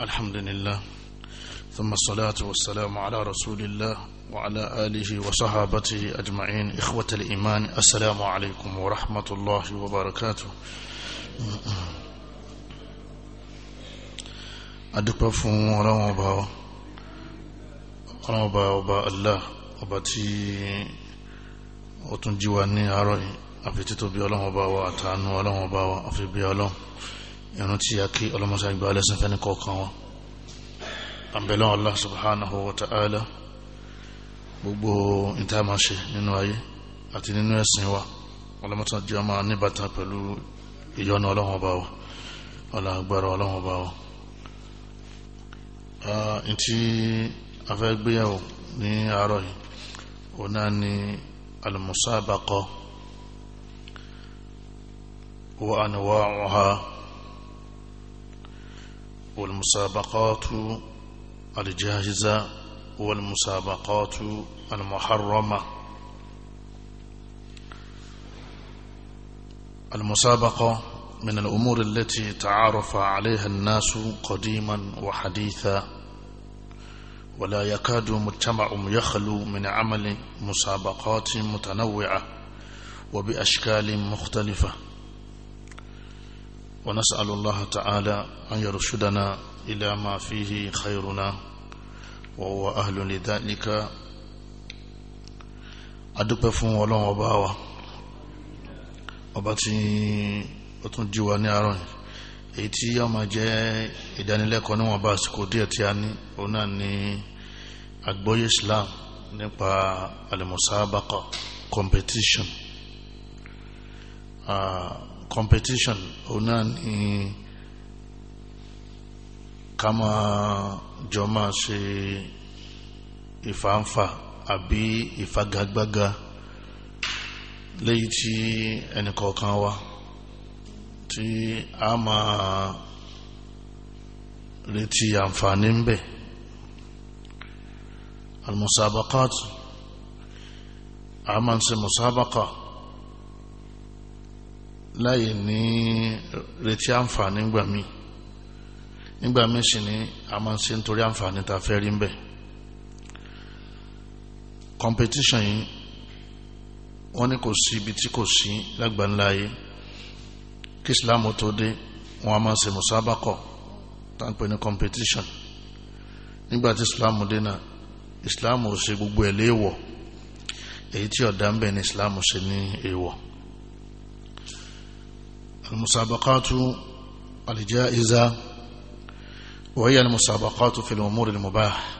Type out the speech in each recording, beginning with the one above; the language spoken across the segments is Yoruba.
الحمد لله ثم الصلاة والسلام على رسول الله وعلى آله وصحابته أجمعين إخوة الإيمان السلام عليكم ورحمة الله وبركاته adúpẹ́ fún ọlọ́run ọba ọlọ́run ọba ọba allah ọba tí ó tún jíwa ní àárọ̀ yìí àfi títóbi ọlọ́run ọba wa àtàánú ọlọ́run ọba wa àfi bí ọlọ́run ìrun tí a kí ọlọ́mọsá ìgbà alẹ́sìn fẹ́ ní kọ̀ọ̀kan wọn àbẹ̀lọ́ Allah subhanahu wa ta'ala gbogbo ìtàmàṣe nínú ayé àti nínú ẹ̀sìn wa ọlọ́mọsá jẹ́ ọmọ níbàtà pẹ̀lú ìyọnu ọlọ́wọ́n bá wa wa anwa'uha والمسابقات الجاهزة والمسابقات المحرمة المسابقة من الأمور التي تعارف عليها الناس قديما وحديثا ولا يكاد مجتمع يخلو من عمل مسابقات متنوعة وبأشكال مختلفة ونسأل الله تعالى أن يرشدنا إلى ما فيه خيرنا وهو أهل لذلك adúpẹ́ fún ọlọ́run ọba wa ọba tí ó tún jí wa ní àárọ̀ èyí tí yóò máa jẹ́ ìdánilẹ́kọ̀ọ́ níwọ̀n bá àsìkò díẹ̀ tí a ní òun náà ni àgbọ́yé Islam nípa alimusaabaka competition competition òun náà ni ká máa jọ máa ṣe ìfàǹfà àbí ìfagagbága léyìí tí ẹnìkọ̀ọ̀kan wa tí a máa retí àǹfààní ń bẹ almusabaqat a máa ń ṣe musabaqat láyè ní retí àǹfààní gbà mí nígbà mí sì ni a máa ń ṣe nítorí àǹfààní tá a fẹ́ rí ń bẹ̀ competition yìí wọ́n ní kò sí ibi tí kò sí lágbàńlá kí Islam tó dé wọ́n a máa ṣe musabakọ̀ tá ń pè ní competition nígbà tí Islam dé náà Islam ò ṣe gbogbo ẹ̀ léèwọ̀ èyí tí ọ̀dà ń bẹ̀ ní Islam ṣe ní èèwọ̀. المسابقات الجائزة وهي المسابقات في الأمور المباح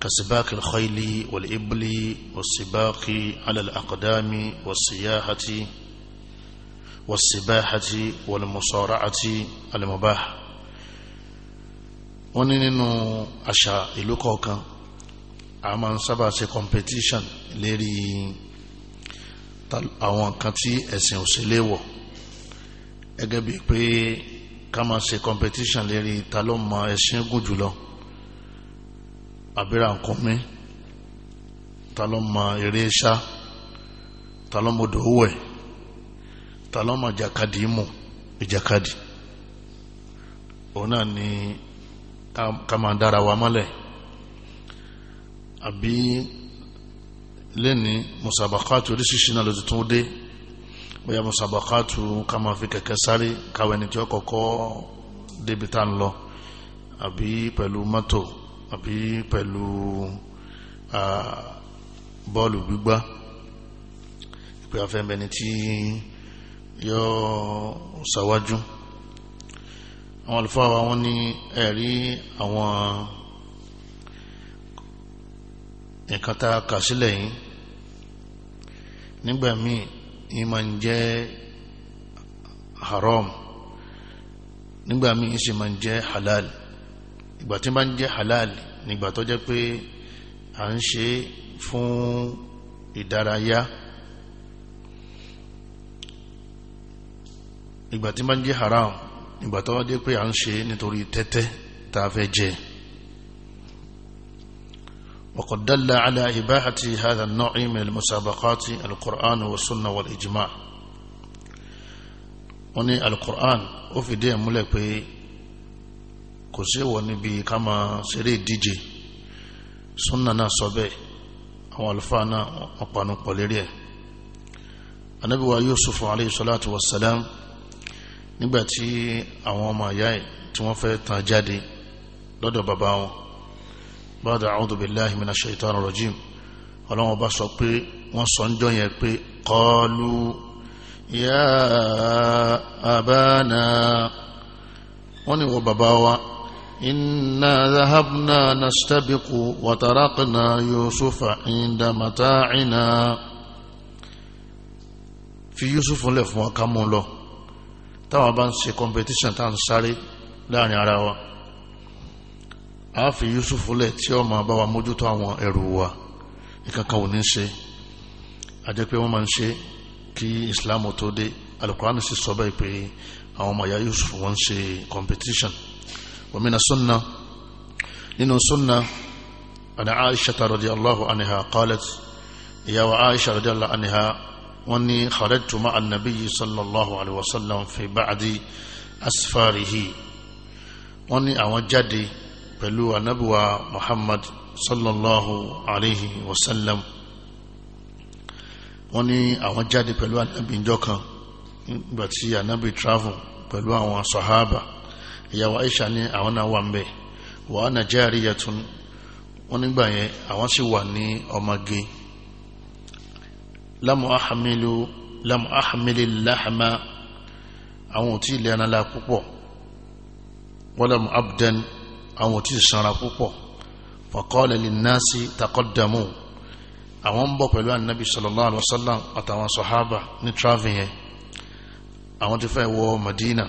كسباق الخيل والإبل والسباق على الأقدام والسياحة والسباحة والمصارعة المباح wọ́n ní nínú àṣà ìlú kọ̀ọ̀kan a máa ń sábà ṣe competition lérí àwọn nǹkan tí ẹ̀sìn gẹ́gẹ́ bíi pé ká máa ṣe competition lérí ta ló mọ ẹṣin gùn jùlọ àbíra nǹkan mi ta ló mọ eré ṣá ta ló mọ dòwò ta ló mọ ìjàkadì mọ ìjàkadì òun náà ni ká máa dára wa mọ́lẹ̀ àbí lẹ́ni musabakatu oríṣiríṣi náà ló ti tún dé bóyá musabakatu ká máa fi kẹ̀kẹ́ sáré káwọn ẹni tí ó kọ́kọ́ débi tá ń lọ àbí pẹ̀lú mọ́tò àbí pẹ̀lú bọ́ọ̀lù gbígbá ìpè afẹ́mẹ́ni tí yóò ṣàwájú àwọn àlùfáà wa wọ́n ní ẹ̀rí àwọn nǹkan tá a kà sílẹ̀ yìí nígbà míì ìmọ̀ ń jẹ́ haram nígbà míì sì máa ń jẹ́ halal ìgbà tí máa ń jẹ́ halal nígbà tó jẹ́ pé à ń ṣe fún ìdárayá ìgbà tí máa ń jẹ́ haram ìgbà tó jẹ́ pé à ń ṣe nítorí tẹ́tẹ́ tá a fẹ́ jẹ́ وقد دل على إباحة هذا النوع من المسابقات القرآن والسنة والإجماع وني القرآن وفي دي ملك بي كسي ونبي كما سري دي جي سنة ناصبه والفانا وقانو قليلية النبي يوسف عليه الصلاة والسلام نباتي أوام ياي تموفي تنجادي لدو باباو bada a'udhu billahi minash shaitani rajim ọlọ́wọ́n bá sọ pé wọ́n sọ ń jọ yẹn pé qalu ya abana wọ́n ní wọ bàbá wa inna zahabna nastabiqu wa tarakna yusufa inda mata'ina fi yusuf lẹ̀ fún wa ká mú lọ táwọn bá ń ṣe competition tá à ń sáré láàrin ara wa a fi Yusuf lẹ̀ tí ó máa bá wa mójútó àwọn ẹrù wa ìkankan ò ní ṣe àjẹ́ pé wọ́n máa ń ṣe kí Islam tó dé alukurani sì sọ bẹ́ẹ̀ pé àwọn ọmọ ìyá Yusuf wọ́n ń ṣe competition omina sunna nínú sunna ana Aisha radiyallahu anha qalat ìyá wa Aisha radiyallahu anha wọ́n ní kharajtu ma'a an-nabiyyi sallallahu alaihi wasallam fi ba'di asfarihi wọ́n ní àwọn jáde pẹ̀lú anábíwa Muhammad sallallahu alaihi wasallam wọ́n ní àwọn jáde pẹ̀lú anábí ìjọ kan nígbàtí anábí travel pẹ̀lú àwọn sahaba ìyàwó Aisha ní àwọn náà wà ń bẹ̀ wà á nàìjíríà yẹtun wọ́n nígbà yẹn àwọn sì wà ní ọmọge lámù ahamilu ahamili láhàmá àwọn ò tí ì lẹ́ran la púpọ̀ wọ́n lámù abdan àwọn tí sanra púpọ̀ faqala linnasi taqaddamu àwọn ń bọ̀ pẹ̀lú anabi sallallahu alaihi wasallam àtàwọn sahaba ní travel yẹn àwọn ti fẹ́ wọ Madina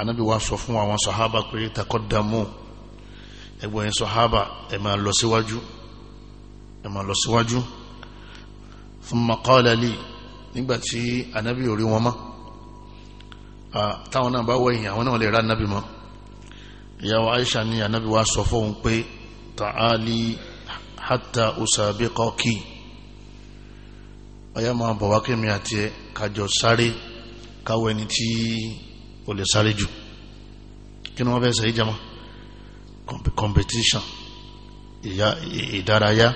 anabi wa sọ fún àwọn sahaba pé taqaddamu ẹgbẹ́ yẹn sahaba ẹ máa lọ síwájú ẹ máa lọ nígbàtí anabi ò wọn mọ́ táwọn náà bá wọ ìyìn náà lè ra anabi mọ́ ìyàwó Aisha ní ànábì wa sọ fóun pé ta'ali hatta usabiqaki ọ̀yá máa bọ̀ wá kémi àti ẹ̀ kájọ sáré káwọ ẹni tí o lè sáré jù kí ni wọ́n fẹ́ sẹ́yí jama competition ìdárayá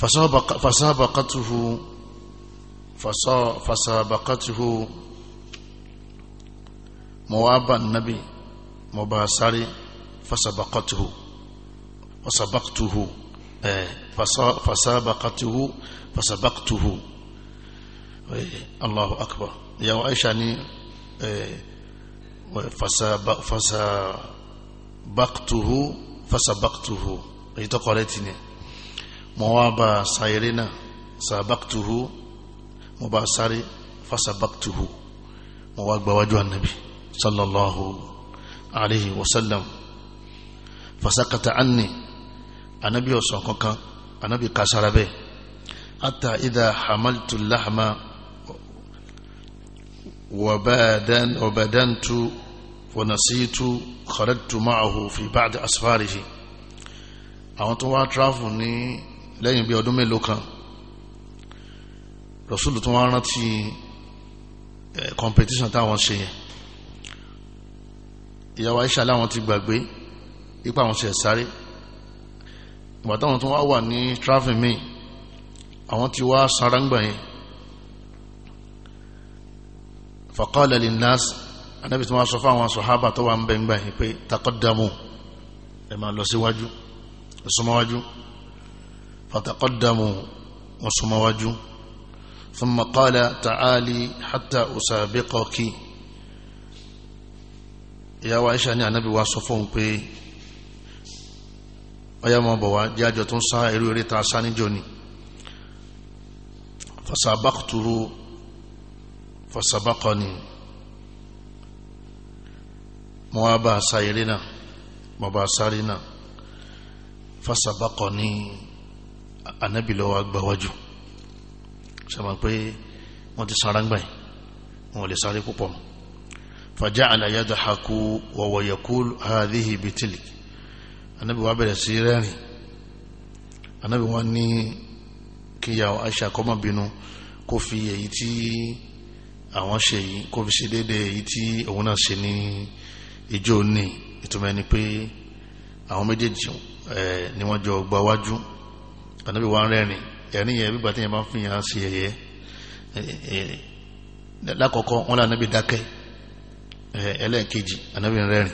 fasabakatuhu fasabakatuhu mọ̀wábà nàbí mo bá sáré fasabakatuhu fasabakatuhu ẹ fasabakatuhu fasabakatuhu ẹ Allahu akbar ìyàwó Aisha ní ẹ fasabakatuhu fasabakatuhu èyí tó kọrẹ́ tì ní mo wá bá sáré náà sabakatuhu mo bá sáré fasabakatuhu mo wá gbáwájú ànábì sallallahu alayhi wa sallam fasakata anni anabi ọ̀sán kankan anabi kasara bẹ́ẹ̀ ata idha hamaltu lahma wabadantu wanasitu kharajtu ma'ahu fi ba'di asfarihi àwọn tó wá tráfù ní lẹ́yìn bí ọdún mélòó kan rasulu tó wá rántí eh, competition táwọn ṣe yẹn ìyàwó Aisha láwọn ti gbàgbé ipa àwọn ṣe sáré ìgbà táwọn tó wá wà ní traffic mi àwọn ti wá sára ń gbà yẹn faqala linnas anábì tí wọ́n sọ fáwọn sọ̀hábà tó wà ń bẹ̀ ń gbà yẹn pé taqaddamu ẹ̀ máa lọ síwájú ìsúnmọ́wájú fataqaddamu wọ́n súnmọ́wájú thumma qala ta'ali hatta usabiqaki ìyàwó Aisha ní ànábì wa sọ fóun pé ọyá máa bọ̀ wá jẹ́ àjọ tó ń sá eré eré ta sá níjọ ni fasabakuturu fasabakọni mo wá bá a sá eré náà mo bá a sáré náà fasabakọni ànábì lọ́wọ́ agbáwájú sọ ma pé wọ́n ti sára ń gbà yìí wọ́n lè sáré púpọ̀ mọ́. فجعل يضحك وهو يقول هذه بتلك النبي وابن السيراني النبي واني kí ya aisha kọ́ mọ̀ bínú kó fi èyí tí àwọn ṣe yìí kó fi ṣe déédé èyí tí òun náà ṣe ní ìjọ ní ìtumọ̀ ẹni pé àwọn méjèèjì ni wọ́n jọ gba wájú ànábì wa ń rẹ́rìn ẹ̀rín yẹn gbígbà tí yẹn máa ń fi yàn án sí ẹ̀yẹ lákọ̀ọ́kọ́ wọn là níbi dákẹ́ Eh, ẹlẹ́ẹ̀kejì anabi rẹ́rìn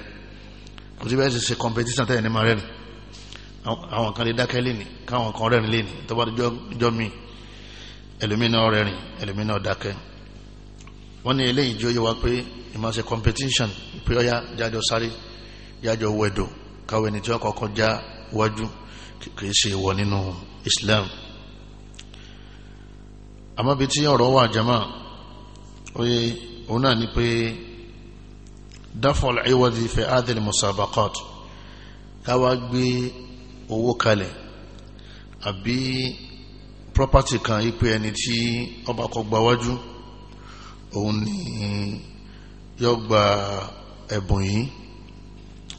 kò sí bẹ́ẹ̀ sì ṣe competition tẹ́lẹ̀ ní ma rẹ́rìn àwọn kan lè dákẹ́ lẹ́ni káwọn kan rẹ́rìn lẹ́ni tó bá jọ mí ẹlòmínà rẹ́rìn ẹlòmínà dákẹ́ wọ́n ní eléyìí jẹ́ oyé wa pé ìmọ̀ ṣe competition pé ọ̀yá jájọ sáré jájọ wẹ̀dọ̀ káwọn ẹni tí wọ́n kọ́kọ́ já wájú kìí ṣe ìwọ nínú Islam àmọ́ bí tí ọ̀rọ̀ wà jama oyè òun náà ni pé dáfọ̀l ìwọ̀dì fẹ́ adìl musabakot káwà gbé owó kalẹ̀ àbí property kan ipé ẹni tí ọba kọ gba wájú òun ni yọ gba ẹ̀bùn yìí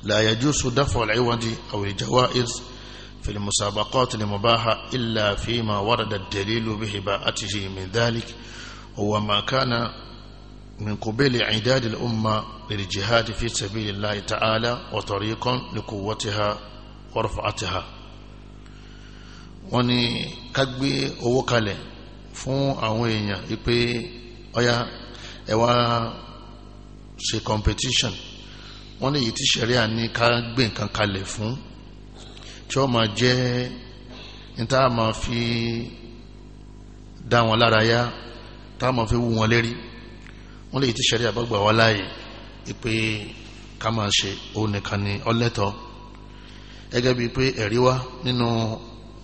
láyàjú sọ dáfọ̀l ìwọ̀dì àwòrìjàwá is في المسابقات المباحة إلا فيما ورد الدليل بهباءته من ذلك هو ما كان من قبيل عداد الأمة للجهاد في سبيل الله تعالى وطريقا لقوتها ورفعتها wọ́n ní ká gbé owó kalẹ̀ fún àwọn èèyàn wípé ọya ẹ wá ṣe competition wọ́n ní èyí tí ṣẹ̀ríà ní ká gbé nǹkan kalẹ̀ fún tí ó máa jẹ́ níta máa fi dá wọn lára yá tá máa fi wú wọn lérí wọ́n lè ti ṣẹ̀rí àbágbà wá láàyè pé ká máa ṣe òun nìkan ni ọlẹ́tọ̀ gẹ́gẹ́ bíi pé ẹ̀rí wá nínú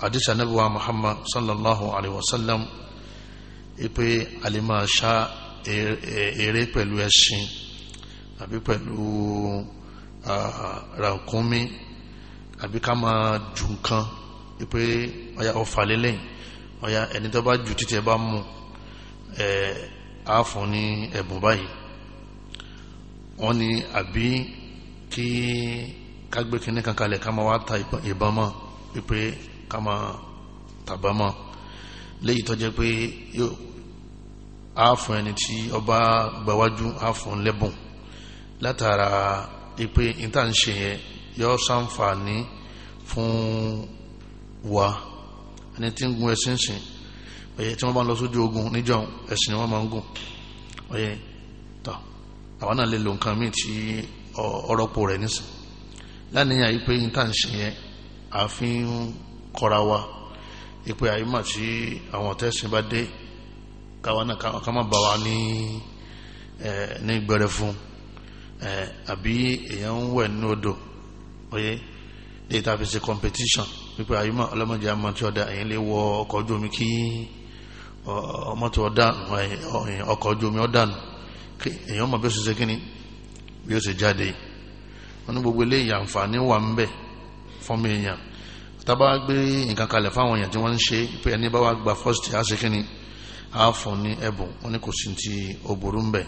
àdìsá nàbíwá Muhammad sallallahu alayhi wa sallam pé a lè máa ṣá eré pẹ̀lú ẹṣin àbí pẹ̀lú ràkúnmí àbí ká máa jù nǹkan pé ọya ọfà lélẹ́yìn ọya ẹni tó bá jù títí ẹ bá mú ẹ̀ẹ́ á fún ní ẹ̀bùn báyìí wọ́n ní àbí kí kágbé kínní kankanlẹ̀ ká máa wá ta ìbọn mọ́ pípé ká máa tàbá mọ́ léyìí tó jẹ́ pé á ẹni tí ọba gbàwájú á lẹ́bùn látara ipe níta ń ṣe yẹn yọ ṣàǹfààní fún wa ẹni tí ń gun ẹṣinṣin oye tí wọ́n bá ń lọ sójú ogun níjọ́ ẹ̀sìn ni wọ́n máa ń gùn oye tọ́ àwọn náà lè lo nǹkan míì tí ọ̀rọ̀pọ̀ rẹ̀ nísìn lánìyàn yìí pé intanṣe yẹn àfin kọra wa ìpè àyímọ̀ tí àwọn ọ̀tẹ́sìn bá dé káwa náà ká má bá wa ní ní gbẹrẹ fún àbí èèyàn ń wẹ̀ ní odò oye data fi ṣe competition wípé àyímọ̀ ọlọ́mọdé àmọ́ tí ọ̀dà èyí lè wọ ọkọ̀ ojú omi kí ọmọtò ọ̀dánù ọkọ̀ ojú omi ọ̀dánù èyàn mọ̀ bí ó sì ṣe kíní bí ó sì jáde wọn ní gbogbo eléyìí àǹfààní wà ń bẹ̀ fọ́mọ èèyàn tábà gbé nǹkan kalẹ̀ fáwọn èèyàn tí wọ́n ń ṣe pé ẹni bá wà gba first á ṣe kíní á fún ní ẹ̀bùn wọn ní kò sí ti òbòrú ń bẹ̀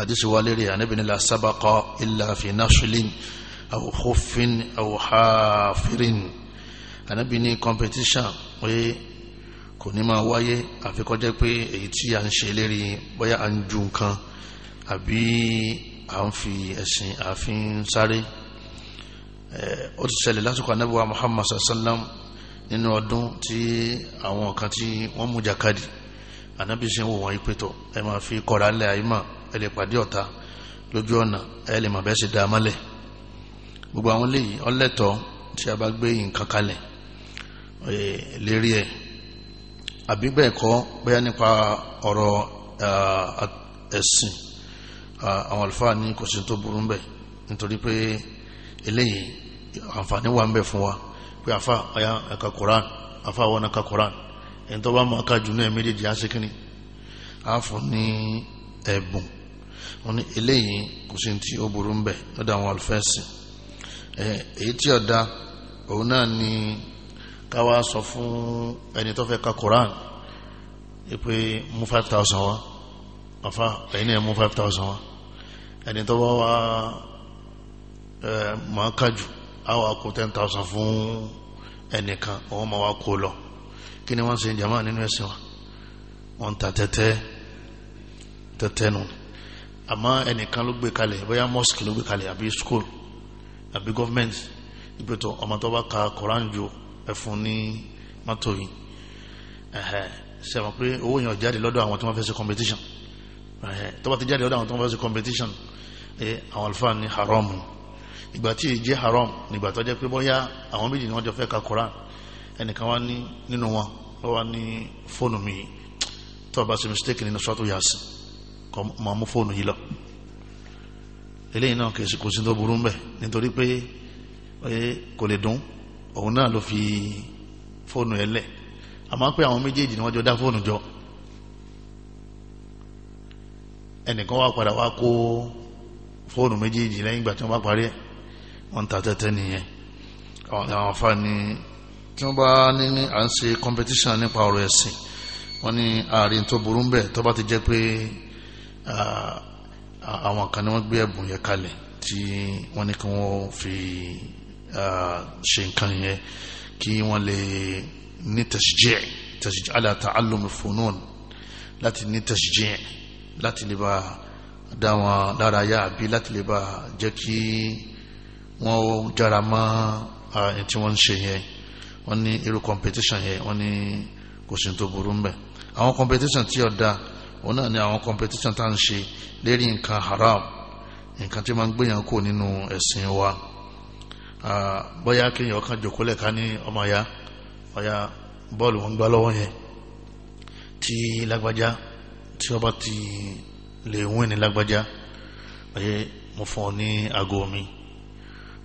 àdìsí wa lérè ànábìnrin la sábàkọ ilà fi nasulin aw ànábìnrin competition pé kò ní máa wáyé àfi kó jẹ́ pé èyí tí a ń ṣe lérí bóyá a ń ju nǹkan àbí a ń fi ẹ̀sìn àfin sáré ó ti ṣẹlẹ̀ lásìkò anábíwá Muhammad sallam nínú ọdún tí àwọn kan tí wọ́n mú jàkadì anábì ṣe ń wò wọ́n ìpètò ẹ máa fi kọ́ra ńlẹ̀ àyímà ẹ lè pàdé ọ̀tá lójú ọ̀nà ẹ lè máa ṣe dáa mọ́lẹ̀ gbogbo àwọn léyìí ọlẹ́tọ̀ọ́ tí a bá gbé nǹkan kalẹ̀ lérí ẹ̀ àbí bẹ́ẹ̀ kọ́ bóyá nípa ọ̀rọ̀ ẹ̀sìn àwọn àlùfáà ní kò sí tó burú ń bẹ̀ nítorí pé eléyìí àǹfààní wà ń wa pé àfa ọ̀yà ẹ̀ka koran àfa àwọn ẹ̀ka koran ẹni bá máa ka jù náà méjèèjì á sékìrì á ní ẹ̀bùn wọn eléyìí kò sí tí ó burú ń bẹ̀ lọ́dọ̀ àwọn àlùfáà ẹ̀sìn káwà sọ fún ẹni tó fẹ́ ka Quran pé mú 5,000 wá afá ẹ̀yìn ẹ̀ mú 5,000 wá ẹni tó bá wá máa kájù àwọn akó 10,000 fún ẹnìkan wọ́n máa wá kó lọ kí ni wọ́n ṣe jama nínú ẹ̀sìn wa wọ́n ta tẹ́tẹ́ tẹ́tẹ́ nù àmọ́ ẹnìkan ló gbé kalẹ̀ bóyá mosque ló gbé kalẹ̀ àbí school àbí government ìgbẹ́tọ̀ ọmọ tó bá ka Quran jù ẹ̀fún ní mọ́tò yìí ṣe mọ̀ pé owó yẹn jáde lọ́dọ̀ àwọn tí wọ́n fẹ́ ṣe competition tó bá ti jáde lọ́dọ̀ àwọn tí wọ́n fẹ́ ṣe competition àwọn alfa ní haram ìgbà tí èyí jẹ́ haram nígbà tó jẹ́ pé bóyá àwọn méjì ni wọ́n jọ fẹ́ ka Quran ẹnìkan wá ní nínú wọn ó wá ní fóònù mi tó bá ṣe mistake nínú sọ́tò yàsí kọ́ máa mú fóònù yìí lọ eléyìí náà kèsì kò sí tó burú mbẹ nítorí pé kò lè dùn òun náà ló fi fóònù ẹ lẹ̀ àmọ́ pé àwọn méjèèjì ni wọ́n jọ dá fóònù jọ ẹnìkan wá padà wá kó fóònù méjèèjì lẹ́yìn ìgbà tí wọ́n bá parí ẹ̀ wọ́n ta tẹ́tẹ́ nìyẹn àwọn àwọn àǹfààní tí wọ́n bá ní ní à ń ṣe competition nípa ọ̀rọ̀ ẹ̀sìn wọ́n ní àárín tó burú ń bẹ̀ tó bá ti jẹ́ pé àwọn kan ni wọ́n gbé ẹ̀bùn yẹn kalẹ̀ tí wọ́n ní kí wọ́n fi ṣe nǹkan yẹn kí wọ́n lè ní tashjẹ́ tashjẹ́ ala ta'allum funun láti ní tashjẹ́ láti lè bá dá wọn lára yá àbí láti lè bá jẹ́ kí wọ́n jára mọ́ ẹni tí wọ́n ń ṣe yẹn wọ́n ní irú competition yẹn wọ́n ní kò sí tó burú mbẹ̀ àwọn competition tí ọ̀dà òun náà ni àwọn competition tá à ń ṣe lérí nǹkan haram nǹkan tí máa ń gbéyàn kó nínú ẹ̀sìn wa bóyá kéèyàn kan jòkó lẹ̀ka ní ọmọ ya ọ̀ya bọ́ọ̀lù wọn gbá lọ́wọ́ yẹn tí lágbájá tí ọba ti lè wín ní lágbájá ọ̀yẹ́ mo fún ọ ní aago mi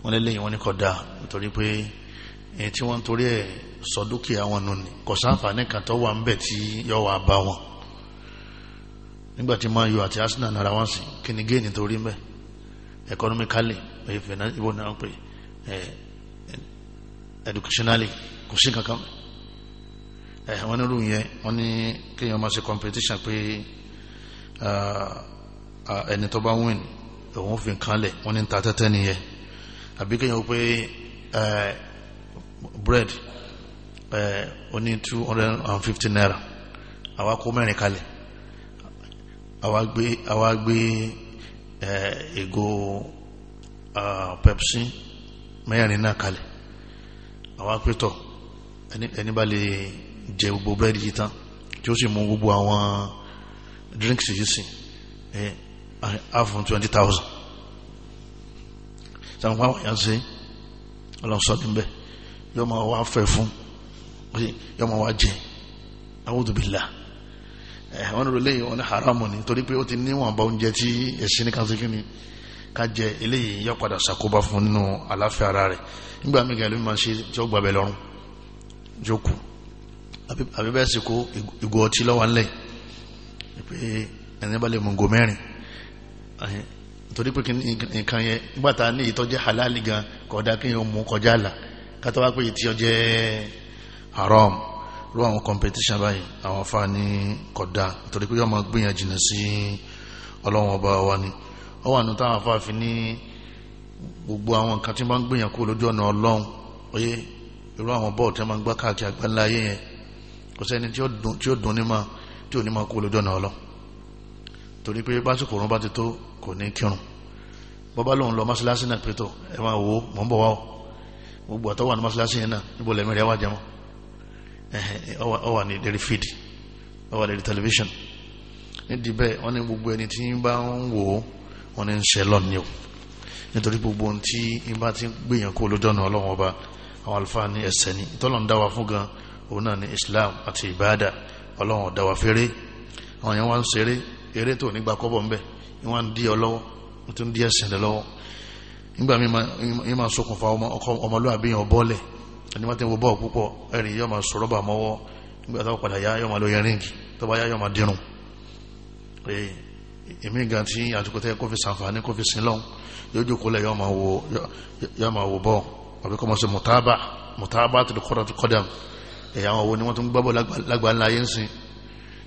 wọ́n lé lẹ́yìn wọn ní kọ̀dá nítorí pé èyí tí wọ́n torí ẹ̀ sọ dúkìá wọn nù ní kò sáǹfààní kan tó wà ń bẹ̀ tí yọ wà bá wọn nígbà tí Man U àti Arsenal nara wọn sí kí ni géènì torí ń bẹ̀ economically èyí fẹ̀ náà ìbò náà ń pè é Eh, educationally kò sí kankan eh, àwọn onírú yẹn wọ́n ní kéèyàn máa ṣe competition pé ah, ah, ẹni tó bá win òun fi nǹkan lẹ̀ wọ́n ní ta tẹ́tẹ́ nìyẹn àbí kéèyàn pé eh, bread ó ní two hundred and fifty naira àwa kó mẹ́rin kalẹ̀ àwa gbé àwa gbé ẹ̀ẹ́gò ah, pepsi mẹ́rin náà kalẹ̀ àwọn apẹ́tọ̀ ẹni bá lè jẹ gbogbo búrẹ́dì yìí tán tí ó sì mú gbogbo àwọn drinks yìí sí àfún 20,000 sàmùkú àwọn èèyàn ṣe ọlọ́sọ níbẹ̀ yóò máa wá fẹ́ fún yóò máa wá jẹ a'udhu billah wọn rò lẹ́yìn wọn ní haramu ni torí pé ó ti níwọ̀nba oúnjẹ tí ẹ̀sìn ní kan sí kí ni kájẹ eléyìí yọ padà ṣàkóbá fún nínú àláfẹ́ ara rẹ̀ nígbà mí gẹ̀ẹ́lú máa ṣe tí ó gbàbẹ̀ lọ́rùn jókù àbí bẹ́ẹ̀ sì kó ìgò ọtí lọ́wọ́ ńlẹ̀ pé ẹni bá lè mú mẹ́rin torí pé nǹkan yẹn nígbà tá a ní ìtọ́jẹ́ halali gan kódà kí yẹn mú kọjá àlà kátó wá pé ìtọ́jẹ́ haram ló àwọn competition báyìí àwọn afáàní kódà torí pé yọ máa gbìyànjú sí ọlọ́wọ́n ọba wa ni ọ wà nù táwọn afáàfin ní gbogbo àwọn nǹkan tí wọ́n ń gbìyàn kú lójú ọ̀nà ọlọ́run oyè irú àwọn bọ́ọ̀ tí wọ́n máa ń gbá káàkiri àgbáńlá ayé yẹn kò sẹ́ni tí ó dùn ní máa tí ò ní máa kú lójú ọ̀nà ọlọ́run torí pé básìkò òun bá ti tó kò ní kírun bọ́bá lòun lọ mọ́ṣáláṣí náà pé tó ẹ máa wò ó mọ̀ ń bọ̀ wá o gbogbo àtọ́wà ní mọ́ṣáláṣí yẹn náà níbo lẹ́mí rẹ̀ wá jẹmọ́ ọ wà ní dairy feed ọ wà lórí tẹlifíṣàn nídìí bẹ́ẹ̀ wọ́n ní gbogbo ẹni tí ń bá ń wò ó wọ́n ní ń ṣe lọ́nìí o nítorí gbogbo ohun tí ibà ti ń gbìyàn kó lójọ́ ọlọ́run ọba àwọn àlùfáà ní ẹsẹ̀ ni ìtọ́lọ̀ ń fún gan òun náà ní Islam àti ìbáàdà ọlọ́run ọ̀dá wa fèrè àwọn yẹn wá ń ṣeré eré tó nígbà kọ́bọ̀ ńbẹ̀ wọ́n ń dí ọ lọ́wọ́ tó ń dí ẹ̀sìn rẹ lọ́wọ́ nígbà míì máa ṣokùnfà ọmọlúwàbí yẹn bọ́ọ̀lẹ̀ ẹni wọ́n ti ń wo bọ́ọ̀ púpọ̀ ẹ̀rì yóò máa sọ̀rọ̀ bà mọ́wọ́ nígbà tó èmi gan tí àsìkò tẹ́ kó fi sàǹfààní kó fi sin lọ́hùn yóò jókòó lẹ̀ yóò máa wò bọ́ àbí kọ́ mọ̀ sí mùtábà mùtábà tó kọ́ra tó kọ́dà ẹ̀yà àwọn owó ni wọ́n tún gbá bọ́ọ̀lù lágbàá ńlá ayé ń sin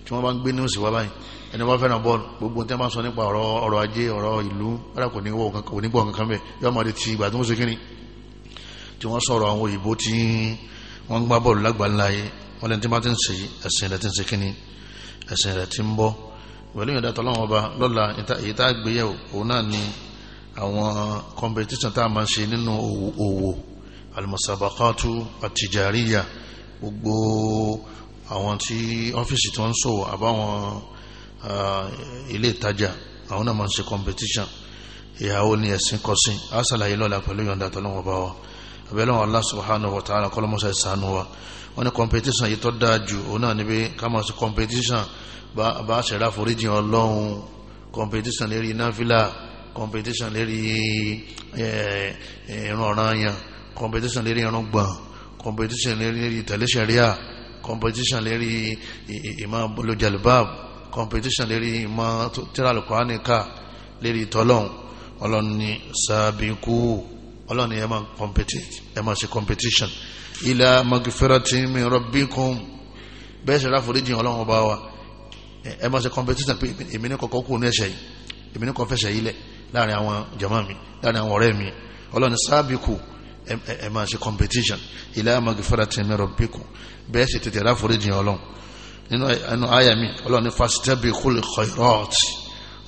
tí wọ́n bá ń gbé ní òsìwá báyìí ẹni wọ́n fẹ́ràn bọ́ọ̀lù gbogbo tí wọ́n bá sọ nípa ọ̀rọ̀ ajé ọ̀rọ̀ ìlú padà kò ní gbọ́ kankan bẹ́ẹ̀ yóò máa pẹ̀lú ìyọ̀dá tọ́lọ́wọ́n ọba lọ́la ìta àgbéyẹ̀wò òun náà ni àwọn competition tá a máa ṣe nínú òwò almusabakatu àtijàríyà gbogbo àwọn tí ọ́fíìsì tó ń ṣòwò àbáwọn ilé ìtajà àwọn náà máa ń ṣe competition ìyàwó ni ẹ̀sìn kọsí á sàlàyé lọ́la pẹ̀lú ìyọ̀dá tọ́lọ́wọ́n ọba wa abẹ́lẹ́wọ̀n Allah subhanahu wa ta'ala kọ́lọ́mọ́sá ìsànú wa wọ́n ní competition yìí tó dáa jù òun náà níbi ká máa ṣe competition bá a ṣẹ̀dá foríjì ọlọ́run competition lérí náfìlà competition lérí ìrun ọ̀ranyàn competition lérí ìrun gbọ̀n competition lérí ìtẹ̀lẹ́sẹ̀ríà competition lérí ìmọ̀ bọ́lójàlùbáàb competition lérí ìmọ̀ tíralùkọ́ ánìkà lérí tọ́lọ́hún ọlọ́run ní sábẹ́kù ọlọ́ni ẹ máa competition ẹ máa ṣe competition ila magfiratin min rabbikum bẹ́ẹ̀ ṣe ráforíjì ọlọ́run ọba wa ẹ máa ṣe competition pé èmi ní kọ̀kọ́ kù ní ẹ̀ṣẹ̀ yìí èmi ní kọ̀ fẹ̀ṣẹ̀ yìí lẹ̀ láàrin àwọn jama mi láàrin àwọn ọ̀rẹ́ mi ọlọ́ni sábìkù ẹ máa ṣe competition ila magfiratin min rabbikum bẹ́ẹ̀ ṣe tètè ráforíjì ọlọ́run nínú àyà mi ọlọ́ni fastabiqul khairat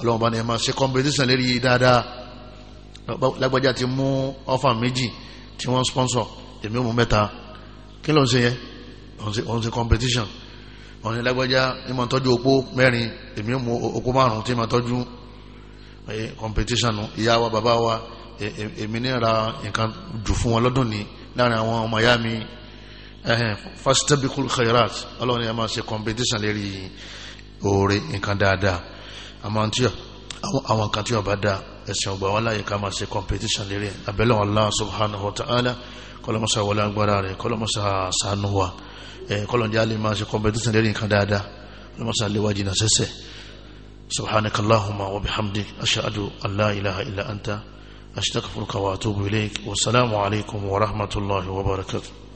ọlọ́run ọba ni ẹ máa ṣe competition lérí dáadáa lágbájá ti mú ọ́fà méjì tí wọ́n sponsor èmi ò mú mẹ́ta kí ló ń ṣe yẹ òun ṣe competition òun ṣe lágbájá ní ma tọ́jú opó mẹ́rin èmi ò mú opó márùn-ún tí ma tọ́jú competition ìyá wa bàbá wa èmi ní ra nǹkan jù fún wọn lọ́dún ní láàrin àwọn ọmọ ìyá mi fastabikul khairat ọlọ́run ni máa ṣe competition lérí oore nǹkan dáadáa àwọn kan tí ó bá dáa ẹ̀sìn ọgbà wọn láyé ká máa ṣe competition lérí abẹ́lẹ̀ Allah subhanahu wa ta'ala kọlọmọsà wọlé agbára rẹ̀ kọlọmọsà sànú wa kọlọmọdé alẹ́ máa ṣe competition lérí nǹkan dáadáa kọlọmọsà léwájì náà sẹ́sẹ̀ سبحانك اللهم وبحمدك أشهد أن لا إله إلا أنت أستغفرك وأتوب إليك والسلام عليكم ورحمة الله وبركاته